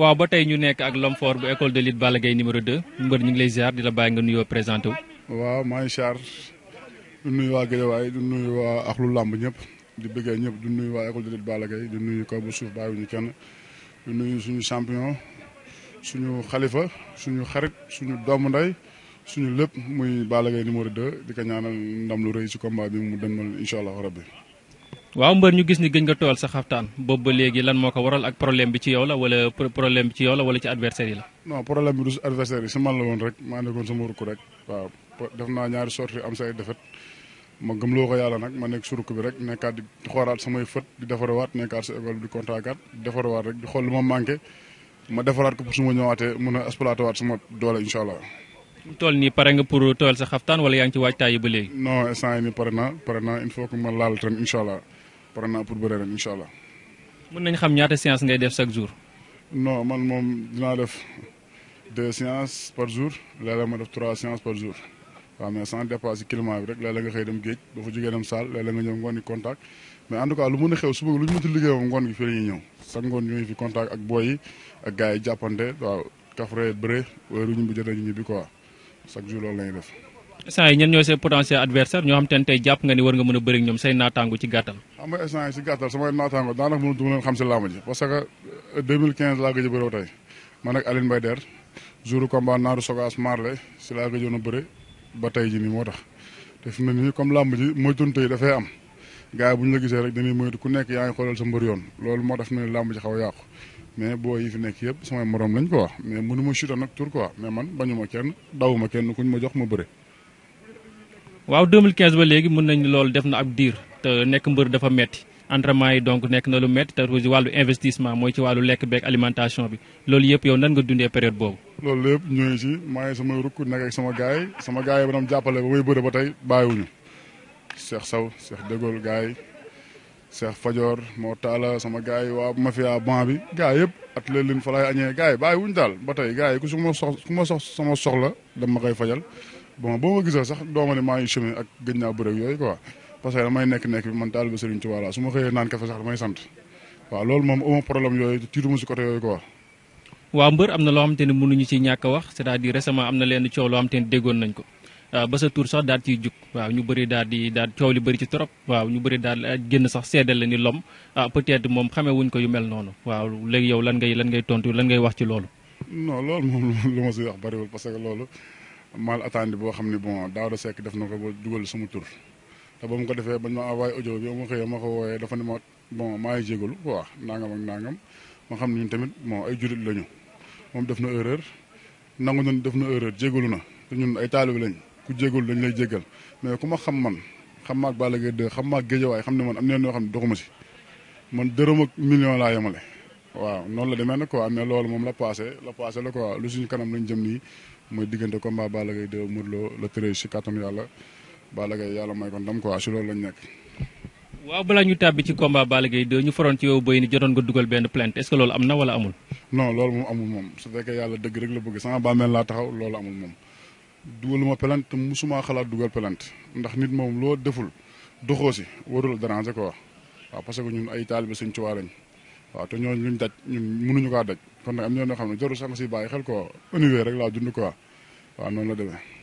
waaw ba tey ñu nekk ak l'homme bu école de lutte Balla Gaye numéro 2 mbër ñu ngi lay ziar di la bàyyi nga nuyoo présenté wu. waaw maa ngi ziar du nuyu waa Guédiawaye du nuy waa axlu làmb ñëpp di bëggee ñëpp du nuyu waa école de lutte Balla Gaye di nuyu kaw bu suuf ñu kenn du nuyu suñu champion suñu xalifa suñu xarit suñu doom ndey suñu lépp muy Balla Gaye numéro 2 di ko ñaanal ndam lu rëy ci combat bi mu demal incha allah rabbi waaw mbër ñu gis ni gëj nga tooyal sa xaftaan boobu ba léegi lan moo ko waral ak problème bi ci yow la wala bi ci yow la wala adversaire yi la. non problème bi du adversaire yi si man la woon rek maa nekkoon sama rukk rek waaw def naa ñaari sorti ma gëmloo ko yàlla nag ma nekk suruk bi rek nekkaat di xoolaat samay fët di defarawaat nekkaat sa école di kontaakaat di defarawaat rek di xool lu ma manqué ma defaraat ko pour su ma ñëwaatee mun a exploité waat sama doole incha allah. mu toll nii pare nga pour tooyal sa xaftaan wala yaa ngi ci ba léegi. non instant yii nii pare naa pare pare naa pour bëre ren incha allah. mën nañ xam ñaata séance ngay def chaque jour. non man moom dinaa def deux séances par jour léeg-léeg ma def trois séances par jour waaw mais sans dépasser climat bi rek léeg-léeg nga xëy dem géej boo fa jógee dem salle léeg-léeg nga ñëw ngoon ni contact mais en tout cas lu mën a xew suba lu ñu mënti liggéey moom ngoon gi fii la ñuy ñëw chaque ngoon ñooy fi contact ak boy yi ak gars yi jàppante waaw kafre bëre wéeru ñu bu jotee ñu ñibbi quoi chaque jour la ñuy def. instant yi ñen ñooy say potentiel adversaire ñoo xam te ne tey jàpp nga ni war nga mën a bëri ñoom say naataango ci gàttal xam nga si gàttal samay naataango daanaka mënu duma euh, a bëréw tey man ak Aline Mbaye Der jour combat naaru sogaas a bëre ba tey ji nag tur quoi man bañu kenn dawuma kenn kuñ ma jox ma bëre waaw 2015 ba léegi mën nañu loolu def na ab diir te nekk mbër dafa metti entraînement yi donc nekk na lu metti te aussi wàllu investissement mooy ci wàllu lekk beeg alimentation bi loolu yëpp yow nan nga dundee période boobu. loolu yëpp ñu ngi si maa ngi sama rukk nekk ak sama gars yi sama gars yi ba doon jàppale ba may bëre ba tey bàyyiwuñu Sow Cheikh Dégol gars yi Cheikh Fajor moo taala sama gars yi waa mafia ban bi gars yëpp at leen fa lay añee gars yi wuñ daal ba tey gars yi su ma sox ku ma sox sama soxla dama koy fajal. bon boo ma gisee sax dooma ne maa ngi ak gëj naa bëre yooyu quoi parce que damay nekk-nekk bi man taalibe Serigne Touba la su ma xëyee naan kafe sax damay sant waaw loolu moom loo xamante ne mënuñu ci ñàkk a wax c'est-à-dire récemment leen coow loo xamante ne déggoon ah, daal di daal coow li bëri ci trop waaw daal génn sax seedal la ni lom ah peut wuñ ko yu mel noonu waaw léegi yow lan ngay lan ngay tontu lan ngay wax ci loolu. non lu ma si wax bariwul parce que loolu maal attendi boo xam ne bon Daouda Seck def na ko ba dugal sama tur te ba mu ko defee bañ ma envoyé audio bi ma xëyee ma ko wooyee dafa ne ma bon maa ngi jégalu quoi nangam ma xam ne ñun tamit bon ay jurit lañu moom def na erreur nangu nañ def na erreur jégalu na te ñun ay taalibe lañ ku jégalu dañ lay jégal mais ku ma xam man xam maag Balla Gaye 2 xam maag Géejawaay xam ne man am na yoo xam ne doxuma si man dërëm ak million laa yemale. waaw noonu la demee nag quoi mais loolu moom la passé la passé la quoi lu suñu kanam lañ jëm nii mooy diggante combat Balla Gaye 2 Modou Lo le treize si kàttanu yàlla Balla Gaye yàlla may ko ndam quoi si loolu lañ nekk. waaw balaa ñu tàbbi ci combat Balla Gaye 2 ñu faroon ci yow béy ni jotoon ko dugal benn plainte est-ce que loolu am na wala amul. non loolu moom amul moom su yàlla dëgg rek la bëgg sama bàmmeel laa taxaw loolu amul moom. dugaluma plainte te musuma xalaat dugal plainte ndax nit moom loo deful doxoo si warul déranger ko waaw parce que ñun ay taalibe Sëñ Tuubaa lañ waaw te ñooñu luñ daj ñun mënuñu kaa daj kon nag am na xam ne jarul sax nga si bàyyi xel ko univers rek laa dund quoi waaw noonu la demee